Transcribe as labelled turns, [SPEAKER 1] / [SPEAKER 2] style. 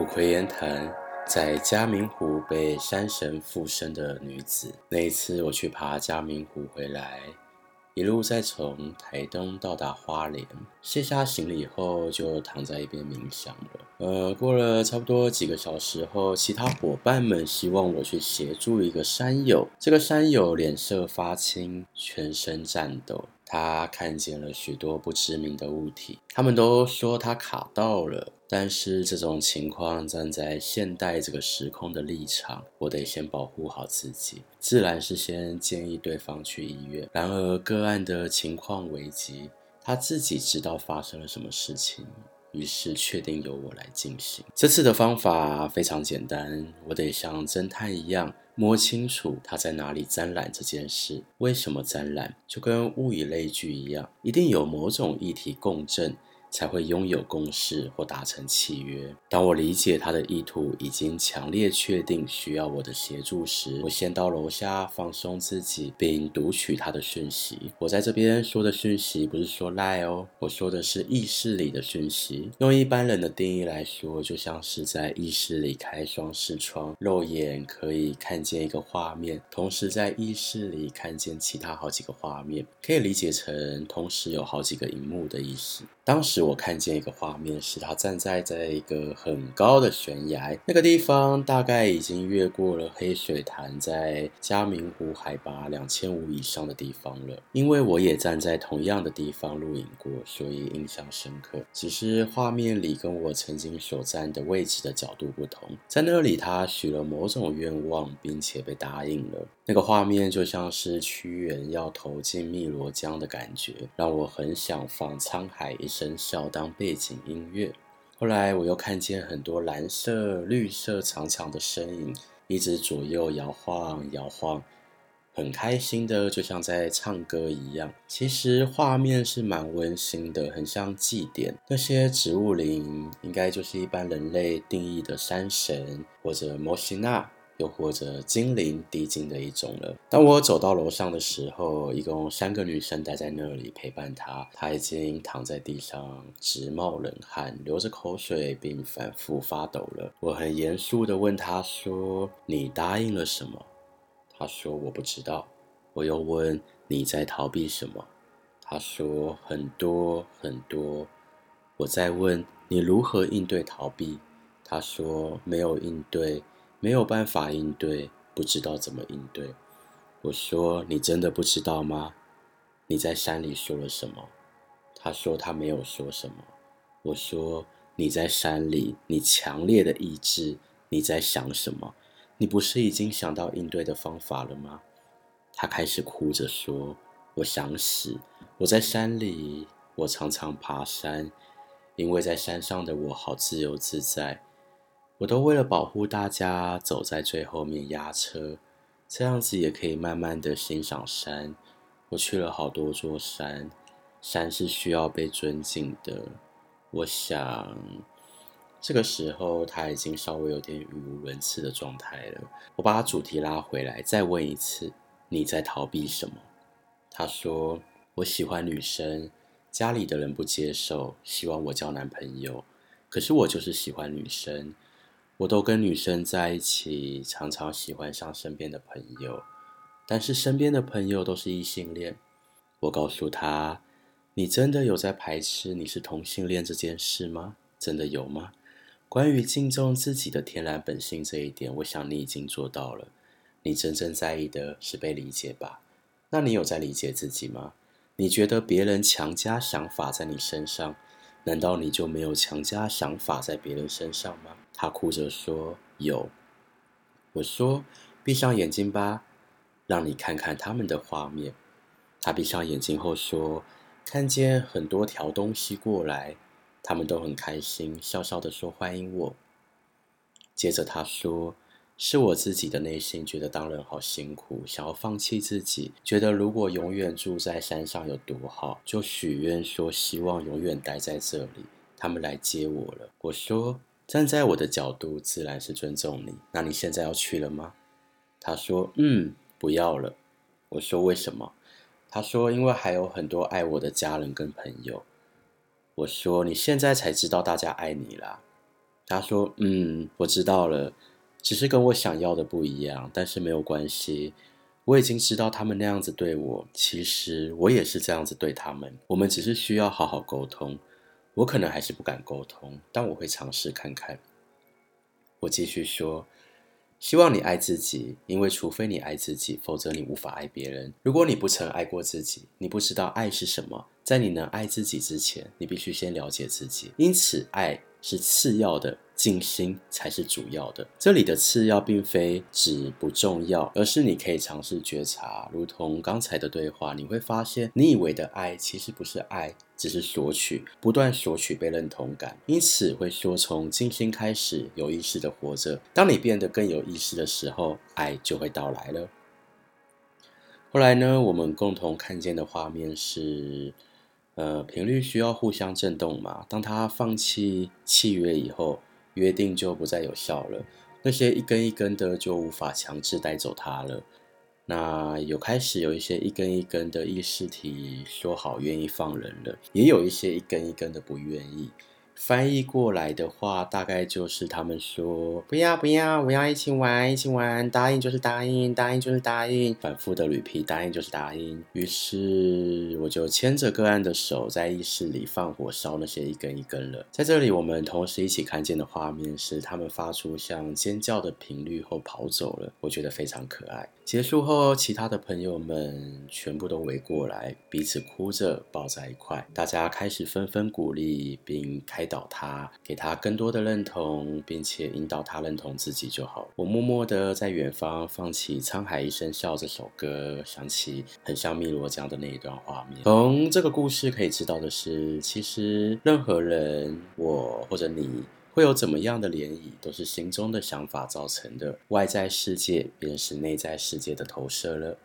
[SPEAKER 1] 驅魔實錄，在嘉明湖被山神附身的女子。那一次我去爬嘉明湖回來，一路在從台東到達花蓮，卸下行李以後就躺在一邊冥想了。呃，過了差不多幾個小時後，其他夥伴們希望我去協助一個山友。這個山友臉色發青，全身顫抖，他看見了許多不知名的物體。他們都說他卡到了。但是這種情況，站在現代這個時空的立場，我得先保護好自己，自然是先建議對方去醫院。然而個案的情況危急，他自己知道發生了什麼事情，於是確定由我來進行。這次的方法非常簡單，我得像偵探一樣摸清楚他在哪裡沾染這件事，為什麼沾染，就跟物以類聚一樣，一定有某種議題共振，才會擁有共識或達成契約。當我理解他的意圖，已經強烈確定需要我的協助時，我先到樓下放鬆自己，並讀取他的訊息。我在這邊說的訊息不是說賴哦，我說的是意識裡的訊息。用一般人的定義來說，就像是在意識裡開雙視窗，肉眼可以看見一個畫面，同時在意識裡看見其他好幾個畫面，可以理解成同時有好幾個螢幕的意思。當時我看見一個畫面，是他站在在一個很高的懸崖，那個地方大概已經越過了黑水潭，在嘉明湖海拔兩千五以上的地方了。因為我也站在同樣的地方錄影過，所以印象深刻。只是畫面裡跟我曾經所站的位置的角度不同，在那裡他許了某種願望，並且被答應了。那個畫面就像是屈原要投進汨羅江的感覺，讓我很想放《滄海一聲》。聲效當背景音樂。後來我又看見很多藍色、綠色、長長的身影，一直左右搖晃、搖晃，很開心的，就像在唱歌一樣。其實畫面是蠻溫馨的，很像祭典。那些植物靈應該就是一般人類定義的山神或者摩西娜。又或者精靈地精的一種了。當我走到樓上的時候，一共三個女生待在那裡陪伴她。她已經躺在地上直冒冷汗，流着口水，並反复發抖了。我很嚴肅地問她說：“你答應了什麼？”她說：“我不知道。”我又問：“你在逃避什麼？”她說很：“很多很多。”我再問你如何應對逃避？她說：“沒有應對。”沒有辦法應對，不知道怎麼應對。我說：“你真的不知道嗎？”你在山裡說了什麼？他說：“他沒有說什麼。”我說：“你在山裡，你強烈的意志，你在想什麼？你不是已經想到應對的方法了嗎？”他開始哭着說：“我想死。我在山裡，我常常爬山，因為在山上的我好自由自在。”我都為了保護大家，走在最後面壓車，這樣子也可以慢慢地欣賞山。我去了好多座山，山是需要被尊敬的。我想，這個時候他已經稍微有點語無倫次的狀態了。我把他主題拉回來，再問一次：你在逃避什麼？他說：我喜歡女生，家裡的人不接受，希望我交男朋友，可是我就是喜歡女生。我都跟女生在一起，常常喜歡上身邊的朋友，但是身邊的朋友都是異性戀。我告訴他：“你真的有在排斥你是同性戀這件事嗎？真的有嗎？”關於敬重自己的天然本性這一點，我想你已經做到了。你真正在意的是被理解吧？那你有在理解自己嗎？你覺得別人強加想法在你身上，難道你就沒有強加想法在別人身上嗎？他哭着說：“有。”我說：“閉上眼睛吧，讓你看看他們的畫面。”他閉上眼睛後說：“看見很多條東西過來，他們都很開心，笑笑地說歡迎我。”接着他說：“是我自己的內心覺得當人好辛苦，想要放棄自己，覺得如果永遠住在山上有多好，就許願說希望永遠待在這裡。”他們來接我了，我說。站在我的角度，自然是尊重你。那你現在要去了嗎？他說：嗯，不要了。我說：為什麼？他說：因為還有很多愛我的家人跟朋友。我說：你現在才知道大家愛你啦。他說：嗯，我知道了。只是跟我想要的不一樣，但是沒有關係。我已經知道他們那樣子對我，其實我也是這樣子對他們。我們只是需要好好溝通。我可能還是不敢溝通，但我會嘗試看看。我繼續說，希望你愛自己，因為除非你愛自己，否則你無法愛別人。如果你不曾愛過自己，你不知道愛是什麼，在你能愛自己之前，你必須先了解自己。因此，愛是次要的。靜心才是主要的，這裡的次要並非指不重要，而是你可以嘗試覺察，如同剛才的對話，你會發現你以為的愛其實不是愛，只是索取，不斷索取被認同感，因此會說從靜心開始，有意識地活着。當你變得更有意識的時候，愛就會到來了。後來呢，我們共同看見的畫面是，呃，頻率需要互相震動嘛，當它放棄契約以後。約定就不再有效了，那些一根一根的就無法強制帶走他了。那有開始有一些一根一根的意識體說好願意放人了，也有一些一根一根的不願意。翻譯過來的話，大概就是他們說：“不要，不要，不要一起玩，一起玩！答應就是答應，答應就是答應，反覆的捋皮，答應就是答應。”於是我就牽着個案的手，在浴室裡放火燒那些一根一根的。在這裡，我們同時一起看見的畫面是，他們發出像尖叫的頻率後跑走了。我覺得非常可愛。結束後，其他的朋友們全部都圍過來，彼此哭着抱在一塊。大家開始紛紛鼓勵並開導他，給他更多的認同，並且引導他認同自己就好。我默默的在遠方放起《滄海一聲笑》這首歌，想起很像汨羅江的那一段畫面。從這個故事可以知道的是，其實任何人，我或者你。會有怎麼樣的漣漪，都是心中的想法造成的，外在世界便是內在世界的投射了。